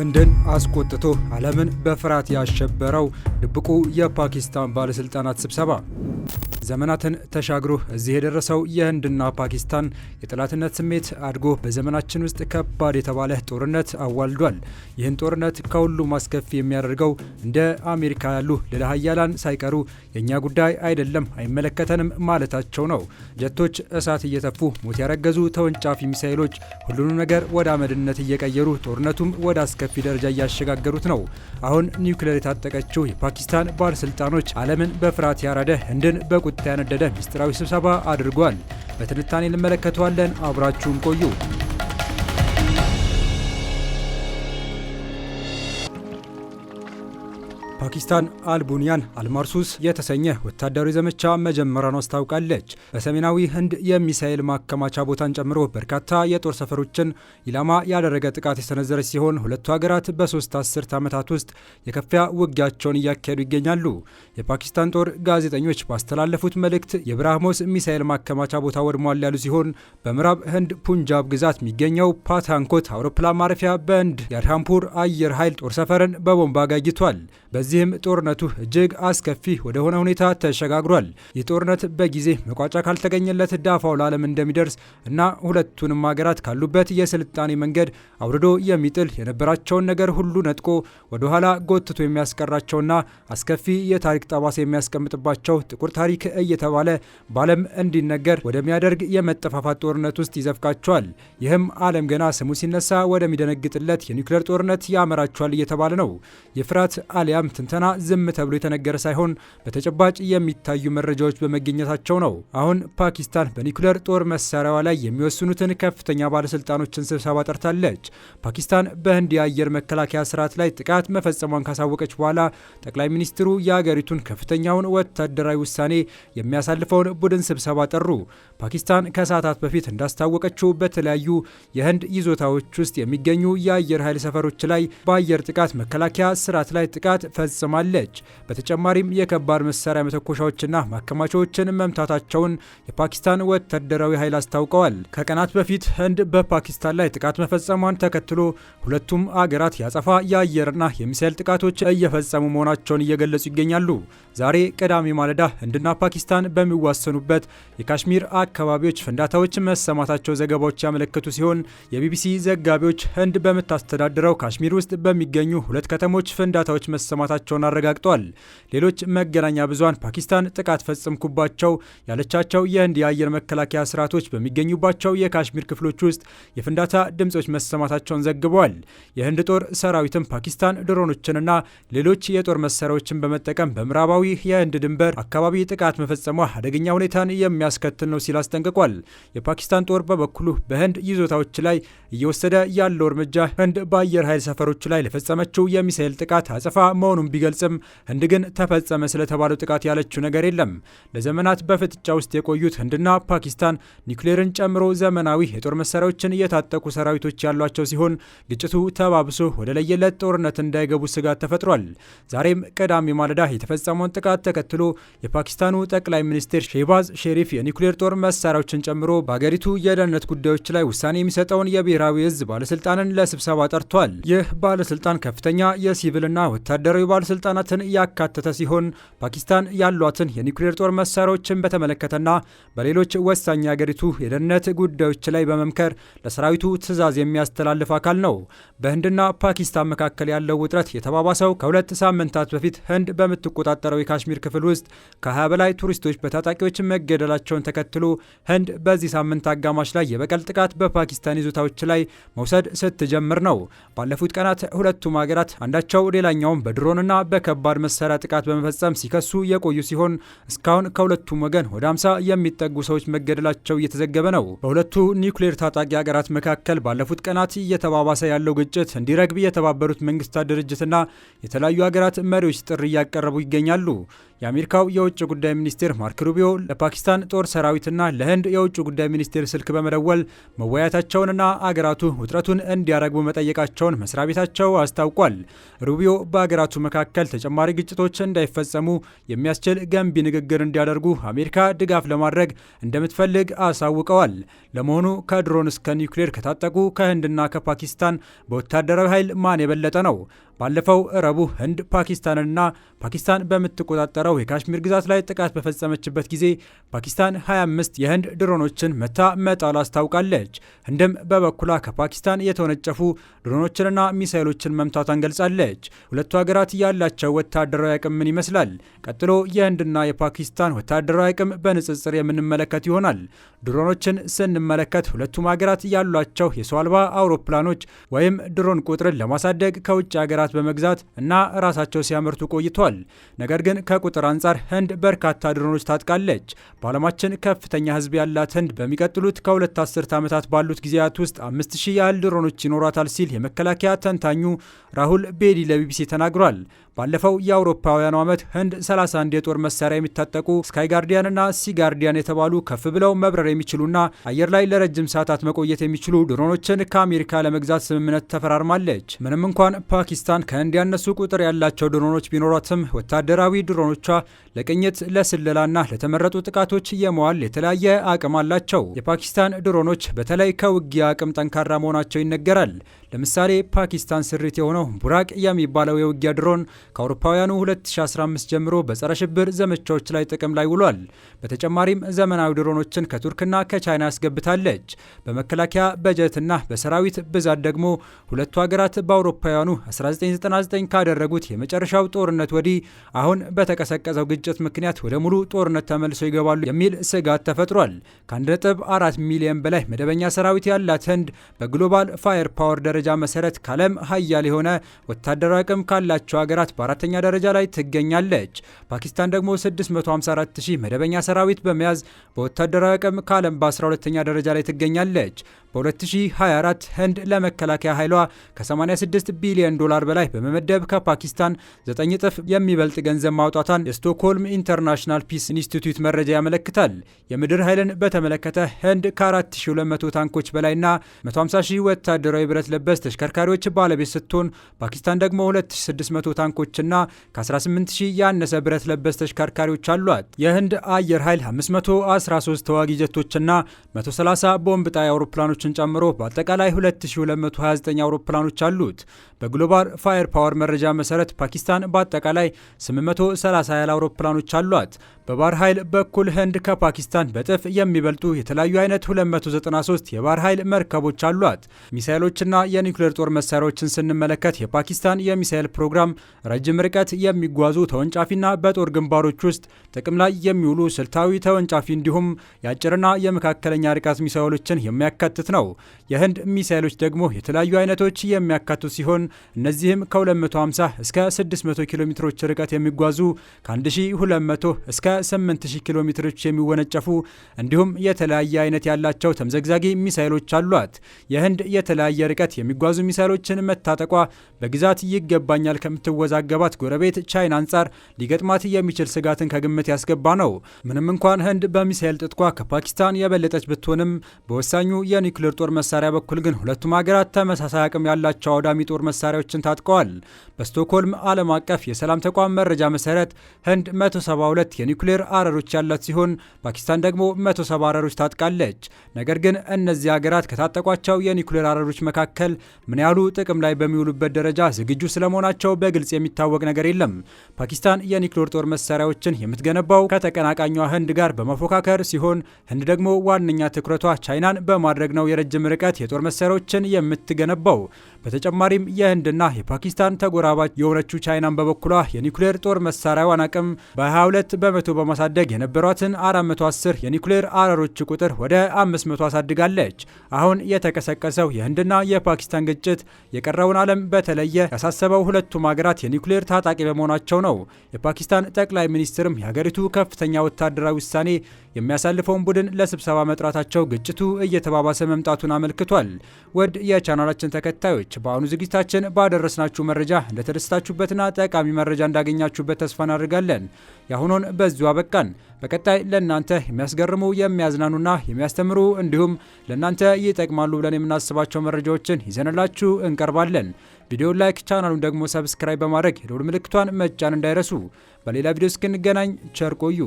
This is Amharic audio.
ህንድን አስቆጥቶ ዓለምን በፍርሃት ያሸበረው ድብቁ የፓኪስታን ባለሥልጣናት ስብሰባ ዘመናትን ተሻግሮ እዚህ የደረሰው የህንድና ፓኪስታን የጠላትነት ስሜት አድጎ በዘመናችን ውስጥ ከባድ የተባለ ጦርነት አዋልዷል። ይህን ጦርነት ከሁሉም አስከፊ የሚያደርገው እንደ አሜሪካ ያሉ ሌላ ሀያላን ሳይቀሩ የእኛ ጉዳይ አይደለም አይመለከተንም ማለታቸው ነው። ጀቶች እሳት እየተፉ ሞት ያረገዙ ተወንጫፊ ሚሳይሎች ሁሉንም ነገር ወደ አመድነት እየቀየሩ ጦርነቱም ወደ አስከፊ ደረጃ እያሸጋገሩት ነው። አሁን ኒውክሌር የታጠቀችው የፓኪስታን ባለስልጣኖች ዓለምን በፍርሃት ያራደ ህንድን በቁ ቁጣ ያነደደ ምስጢራዊ ስብሰባ አድርጓል። በትንታኔ እንመለከተዋለን። አብራችሁን ቆዩ። ፓኪስታን አልቡንያን አልማርሱስ የተሰኘ ወታደራዊ ዘመቻ መጀመሯን አስታውቃለች። በሰሜናዊ ህንድ የሚሳኤል ማከማቻ ቦታን ጨምሮ በርካታ የጦር ሰፈሮችን ኢላማ ያደረገ ጥቃት የሰነዘረች ሲሆን ሁለቱ ሀገራት በሶስት አስርት ዓመታት ውስጥ የከፊያ ውጊያቸውን እያካሄዱ ይገኛሉ። የፓኪስታን ጦር ጋዜጠኞች ባስተላለፉት መልእክት የብራህሞስ ሚሳኤል ማከማቻ ቦታ ወድሟል ያሉ ሲሆን በምዕራብ ህንድ ፑንጃብ ግዛት የሚገኘው ፓታንኮት አውሮፕላን ማረፊያ በህንድ የአድሃምፑር አየር ኃይል ጦር ሰፈርን በቦምብ አጋይቷል። በዚህም ጦርነቱ እጅግ አስከፊ ወደሆነ ሁኔታ ተሸጋግሯል። ይህ ጦርነት በጊዜ መቋጫ ካልተገኘለት ዳፋው ለዓለም እንደሚደርስ እና ሁለቱንም ሀገራት ካሉበት የስልጣኔ መንገድ አውርዶ የሚጥል የነበራቸውን ነገር ሁሉ ነጥቆ ወደ ኋላ ጎትቶ የሚያስቀራቸውና አስከፊ የታሪክ ጠባሳ የሚያስቀምጥባቸው ጥቁር ታሪክ እየተባለ በዓለም እንዲነገር ወደሚያደርግ የመጠፋፋት ጦርነት ውስጥ ይዘፍቃቸዋል። ይህም ዓለም ገና ስሙ ሲነሳ ወደሚደነግጥለት የኒውክሌር ጦርነት ያመራቸዋል እየተባለ ነው። የፍርሃት አሊያም ትንተና ዝም ተብሎ የተነገረ ሳይሆን በተጨባጭ የሚታዩ መረጃዎች በመገኘታቸው ነው። አሁን ፓኪስታን በኒኩለር ጦር መሳሪያዋ ላይ የሚወስኑትን ከፍተኛ ባለስልጣኖችን ስብሰባ ጠርታለች። ፓኪስታን በህንድ የአየር መከላከያ ስርዓት ላይ ጥቃት መፈጸሟን ካሳወቀች በኋላ ጠቅላይ ሚኒስትሩ የአገሪቱን ከፍተኛውን ወታደራዊ ውሳኔ የሚያሳልፈውን ቡድን ስብሰባ ጠሩ። ፓኪስታን ከሰዓታት በፊት እንዳስታወቀችው በተለያዩ የህንድ ይዞታዎች ውስጥ የሚገኙ የአየር ኃይል ሰፈሮች ላይ በአየር ጥቃት መከላከያ ስርዓት ላይ ጥቃት ፈጽማለች። በተጨማሪም የከባድ መሳሪያ መተኮሻዎችና ማከማቻዎችን መምታታቸውን የፓኪስታን ወታደራዊ ኃይል አስታውቀዋል። ከቀናት በፊት ህንድ በፓኪስታን ላይ ጥቃት መፈጸሟን ተከትሎ ሁለቱም አገራት ያጸፋ የአየርና የሚሳኤል ጥቃቶች እየፈጸሙ መሆናቸውን እየገለጹ ይገኛሉ። ዛሬ ቅዳሜ ማለዳ ህንድና ፓኪስታን በሚዋሰኑበት የካሽሚር አካባቢዎች ፍንዳታዎች መሰማታቸው ዘገባዎች ያመለከቱ ሲሆን የቢቢሲ ዘጋቢዎች ህንድ በምታስተዳድረው ካሽሚር ውስጥ በሚገኙ ሁለት ከተሞች ፍንዳታዎች መሰማታቸው መያዛቸውን አረጋግጧል። ሌሎች መገናኛ ብዙሃን ፓኪስታን ጥቃት ፈጽምኩባቸው ያለቻቸው የህንድ የአየር መከላከያ ስርዓቶች በሚገኙባቸው የካሽሚር ክፍሎች ውስጥ የፍንዳታ ድምፆች መሰማታቸውን ዘግበዋል። የህንድ ጦር ሰራዊትም ፓኪስታን ድሮኖችንና ሌሎች የጦር መሳሪያዎችን በመጠቀም በምዕራባዊ የህንድ ድንበር አካባቢ ጥቃት መፈጸሟ አደገኛ ሁኔታን የሚያስከትል ነው ሲል አስጠንቅቋል። የፓኪስታን ጦር በበኩሉ በህንድ ይዞታዎች ላይ እየወሰደ ያለው እርምጃ ህንድ በአየር ኃይል ሰፈሮች ላይ ለፈጸመችው የሚሳኤል ጥቃት አጸፋ መሆኑን መሆኑን ቢገልጽም ህንድ ግን ተፈጸመ ስለተባለው ጥቃት ያለችው ነገር የለም። ለዘመናት በፍጥጫ ውስጥ የቆዩት ህንድና ፓኪስታን ኒውክሌርን ጨምሮ ዘመናዊ የጦር መሳሪያዎችን እየታጠቁ ሰራዊቶች ያሏቸው ሲሆን ግጭቱ ተባብሶ ወደ ለየለት ጦርነት እንዳይገቡ ስጋት ተፈጥሯል። ዛሬም ቅዳሜ ማለዳ የተፈጸመውን ጥቃት ተከትሎ የፓኪስታኑ ጠቅላይ ሚኒስትር ሼባዝ ሼሪፍ የኒውክሌር ጦር መሳሪያዎችን ጨምሮ በአገሪቱ የደህንነት ጉዳዮች ላይ ውሳኔ የሚሰጠውን የብሔራዊ እዝ ባለስልጣንን ለስብሰባ ጠርቷል። ይህ ባለስልጣን ከፍተኛ የሲቪልና ወታደራዊ ባለሥልጣናትን ያካተተ ሲሆን ፓኪስታን ያሏትን የኒውክሌር ጦር መሳሪያዎችን በተመለከተና በሌሎች ወሳኝ የአገሪቱ የደህንነት ጉዳዮች ላይ በመምከር ለሰራዊቱ ትዕዛዝ የሚያስተላልፍ አካል ነው። በህንድና ፓኪስታን መካከል ያለው ውጥረት የተባባሰው ከሁለት ሳምንታት በፊት ህንድ በምትቆጣጠረው የካሽሚር ክፍል ውስጥ ከ20 በላይ ቱሪስቶች በታጣቂዎች መገደላቸውን ተከትሎ ህንድ በዚህ ሳምንት አጋማሽ ላይ የበቀል ጥቃት በፓኪስታን ይዞታዎች ላይ መውሰድ ስትጀምር ነው። ባለፉት ቀናት ሁለቱም ሀገራት አንዳቸው ሌላኛውም በድሮንና በሽብርና በከባድ መሳሪያ ጥቃት በመፈጸም ሲከሱ የቆዩ ሲሆን እስካሁን ከሁለቱም ወገን ወደ 50 የሚጠጉ ሰዎች መገደላቸው እየተዘገበ ነው። በሁለቱ ኒውክሌር ታጣቂ ሀገራት መካከል ባለፉት ቀናት እየተባባሰ ያለው ግጭት እንዲረግብ የተባበሩት መንግስታት ድርጅትና የተለያዩ ሀገራት መሪዎች ጥሪ እያቀረቡ ይገኛሉ። የአሜሪካው የውጭ ጉዳይ ሚኒስቴር ማርክ ሩቢዮ ለፓኪስታን ጦር ሰራዊትና ለህንድ የውጭ ጉዳይ ሚኒስቴር ስልክ በመደወል መወያየታቸውንና አገራቱ ውጥረቱን እንዲያረግቡ መጠየቃቸውን መስሪያ ቤታቸው አስታውቋል። ሩቢዮ በአገራቱ መካከል ተጨማሪ ግጭቶች እንዳይፈጸሙ የሚያስችል ገንቢ ንግግር እንዲያደርጉ አሜሪካ ድጋፍ ለማድረግ እንደምትፈልግ አሳውቀዋል። ለመሆኑ ከድሮን እስከ ኒውክሌር ከታጠቁ ከህንድና ከፓኪስታን በወታደራዊ ኃይል ማን የበለጠ ነው? ባለፈው እረቡ ህንድ ፓኪስታንንና ፓኪስታን በምትቆጣጠረው በምትቆጣጠረው የካሽሚር ግዛት ላይ ጥቃት በፈጸመችበት ጊዜ ፓኪስታን 25 የህንድ ድሮኖችን መታ መጣል አስታውቃለች። ህንድም በበኩሏ ከፓኪስታን የተወነጨፉ ድሮኖችንና ሚሳይሎችን መምታቷን ገልጻለች። ሁለቱ ሀገራት ያላቸው ወታደራዊ አቅም ምን ይመስላል? ቀጥሎ የህንድና የፓኪስታን ወታደራዊ አቅም በንጽጽር የምንመለከት ይሆናል። ድሮኖችን ስንመለከት ሁለቱም ሀገራት ያሏቸው የሰው አልባ አውሮፕላኖች ወይም ድሮን ቁጥርን ለማሳደግ ከውጭ ሀገራት በመግዛት እና ራሳቸው ሲያመርቱ ቆይቷል። ነገር ግን ከቁጥር ቁጥር አንጻር ህንድ በርካታ ድሮኖች ታጥቃለች። በዓለማችን ከፍተኛ ህዝብ ያላት ህንድ በሚቀጥሉት ከሁለት አስርት ዓመታት ባሉት ጊዜያት ውስጥ አምስት ሺህ ያህል ድሮኖች ይኖራታል ሲል የመከላከያ ተንታኙ ራሁል ቤዲ ለቢቢሲ ተናግሯል። ባለፈው የአውሮፓውያኑ ዓመት ህንድ 31 የጦር መሳሪያ የሚታጠቁ ስካይ ጋርዲያንና ሲ ጋርዲያን የተባሉ ከፍ ብለው መብረር የሚችሉና አየር ላይ ለረጅም ሰዓታት መቆየት የሚችሉ ድሮኖችን ከአሜሪካ ለመግዛት ስምምነት ተፈራርማለች። ምንም እንኳን ፓኪስታን ከህንድ ያነሱ ቁጥር ያላቸው ድሮኖች ቢኖሯትም ወታደራዊ ድሮኖቿ ለቅኝት፣ ለስለላና ለተመረጡ ጥቃቶች የመዋል የተለያየ አቅም አላቸው። የፓኪስታን ድሮኖች በተለይ ከውጊያ አቅም ጠንካራ መሆናቸው ይነገራል። ለምሳሌ ፓኪስታን ስሪት የሆነው ቡራቅ የሚባለው የውጊያ ድሮን ከአውሮፓውያኑ 2015 ጀምሮ በጸረ ሽብር ዘመቻዎች ላይ ጥቅም ላይ ውሏል። በተጨማሪም ዘመናዊ ድሮኖችን ከቱርክና ከቻይና ያስገብታለች። በመከላከያ በጀትና በሰራዊት ብዛት ደግሞ ሁለቱ ሀገራት በአውሮፓውያኑ 1999 ካደረጉት የመጨረሻው ጦርነት ወዲህ አሁን በተቀሰቀሰው ግጭት ምክንያት ወደ ሙሉ ጦርነት ተመልሶ ይገባሉ የሚል ስጋት ተፈጥሯል። ከ1.4 ሚሊዮን በላይ መደበኛ ሰራዊት ያላት ህንድ በግሎባል ፋየር ፓወር ደረጃ መሰረት ከዓለም ሀያል የሆነ ወታደራዊ አቅም ካላቸው ሀገራት በአራተኛ ደረጃ ላይ ትገኛለች። ፓኪስታን ደግሞ 654 ሺህ መደበኛ ሰራዊት በመያዝ በወታደራዊ አቅም ከዓለም በ12ኛ ደረጃ ላይ ትገኛለች። በ2024 ህንድ ለመከላከያ ኃይሏ ከ86 ቢሊዮን ዶላር በላይ በመመደብ ከፓኪስታን 9 እጥፍ የሚበልጥ ገንዘብ ማውጣቷን የስቶክሆልም ኢንተርናሽናል ፒስ ኢንስቲትዩት መረጃ ያመለክታል። የምድር ኃይልን በተመለከተ ህንድ ከ4200 ታንኮች በላይና 150 ወታደራዊ ብረት ለበስ ተሽከርካሪዎች ባለቤት ስትሆን ፓኪስታን ደግሞ 2600 ታንኮችና ከ180 ያነሰ ብረት ለበስ ተሽከርካሪዎች አሏት። የህንድ አየር ኃይል 513 ተዋጊ ጀቶችና 130 ቦምብ ጣይ አውሮፕላኖች አውሮፕላኖችን ጨምሮ በአጠቃላይ 2229 አውሮፕላኖች አሉት። በግሎባል ፋየር ፓወር መረጃ መሰረት ፓኪስታን በአጠቃላይ 830 ያህል አውሮፕላኖች አሏት። በባህር ኃይል በኩል ህንድ ከፓኪስታን በጥፍ የሚበልጡ የተለያዩ አይነት 293 የባህር ኃይል መርከቦች አሏት። ሚሳይሎችና የኒውክሌር ጦር መሳሪያዎችን ስንመለከት የፓኪስታን የሚሳይል ፕሮግራም ረጅም ርቀት የሚጓዙ ተወንጫፊና በጦር ግንባሮች ውስጥ ጥቅም ላይ የሚውሉ ስልታዊ ተወንጫፊ እንዲሁም የአጭርና የመካከለኛ ርቀት ሚሳይሎችን የሚያካትት ነው። የህንድ ሚሳይሎች ደግሞ የተለያዩ አይነቶች የሚያካቱ ሲሆን እነዚህም ከ250 እስከ 600 ኪሎ ሜትሮች ርቀት የሚጓዙ ከ1200 እስከ 8000 ኪሎ ሜትሮች የሚወነጨፉ እንዲሁም የተለያየ አይነት ያላቸው ተምዘግዛጊ ሚሳይሎች አሏት። የህንድ የተለያየ ርቀት የሚጓዙ ሚሳይሎችን መታጠቋ በግዛት ይገባኛል ከምትወዛገባት ጎረቤት ቻይና አንጻር ሊገጥማት የሚችል ስጋትን ከግምት ያስገባ ነው። ምንም እንኳን ህንድ በሚሳይል ጥጥቋ ከፓኪስታን የበለጠች ብትሆንም በወሳኙ የኒክ በኒውክሌር ጦር መሳሪያ በኩል ግን ሁለቱም ሀገራት ተመሳሳይ አቅም ያላቸው አውዳሚ ጦር መሳሪያዎችን ታጥቀዋል። በስቶክሆልም ዓለም አቀፍ የሰላም ተቋም መረጃ መሰረት ህንድ 172 የኒውክሌር አረሮች ያላት ሲሆን ፓኪስታን ደግሞ 170 አረሮች ታጥቃለች። ነገር ግን እነዚህ ሀገራት ከታጠቋቸው የኒውክሌር አረሮች መካከል ምን ያህሉ ጥቅም ላይ በሚውሉበት ደረጃ ዝግጁ ስለመሆናቸው በግልጽ የሚታወቅ ነገር የለም። ፓኪስታን የኒውክሌር ጦር መሳሪያዎችን የምትገነባው ከተቀናቃኟ ህንድ ጋር በመፎካከር ሲሆን ህንድ ደግሞ ዋነኛ ትኩረቷ ቻይናን በማድረግ ነው የረጅም ርቀት የጦር መሳሪያዎችን የምትገነባው። በተጨማሪም የህንድና የፓኪስታን ተጎራባች የሆነችው ቻይናን በበኩሏ የኒኩሌር ጦር መሳሪያዋን አቅም በ22 በመቶ በማሳደግ የነበሯትን 410 የኒኩሌር አረሮች ቁጥር ወደ 500 አሳድጋለች። አሁን የተቀሰቀሰው የህንድና የፓኪስታን ግጭት የቀረውን ዓለም በተለየ ያሳሰበው ሁለቱም ሀገራት የኒኩሌር ታጣቂ በመሆናቸው ነው። የፓኪስታን ጠቅላይ ሚኒስትርም የሀገሪቱ ከፍተኛ ወታደራዊ ውሳኔ የሚያሳልፈውን ቡድን ለስብሰባ መጥራታቸው ግጭቱ እየተባባሰ መምጣቱን አመልክቷል። ወድ የቻናላችን ተከታዮች በአሁኑ ዝግጅታችን ባደረስናችሁ መረጃ እንደተደስታችሁበትና ጠቃሚ መረጃ እንዳገኛችሁበት ተስፋ እናደርጋለን። የአሁኑን በዚሁ አበቃን። በቀጣይ ለእናንተ የሚያስገርሙ የሚያዝናኑና የሚያስተምሩ እንዲሁም ለእናንተ ይጠቅማሉ ብለን የምናስባቸው መረጃዎችን ይዘንላችሁ እንቀርባለን። ቪዲዮ ላይክ፣ ቻናሉን ደግሞ ሰብስክራይብ በማድረግ የደወል ምልክቷን መጫን እንዳይረሱ። በሌላ ቪዲዮ እስክንገናኝ ቸር ቆዩ።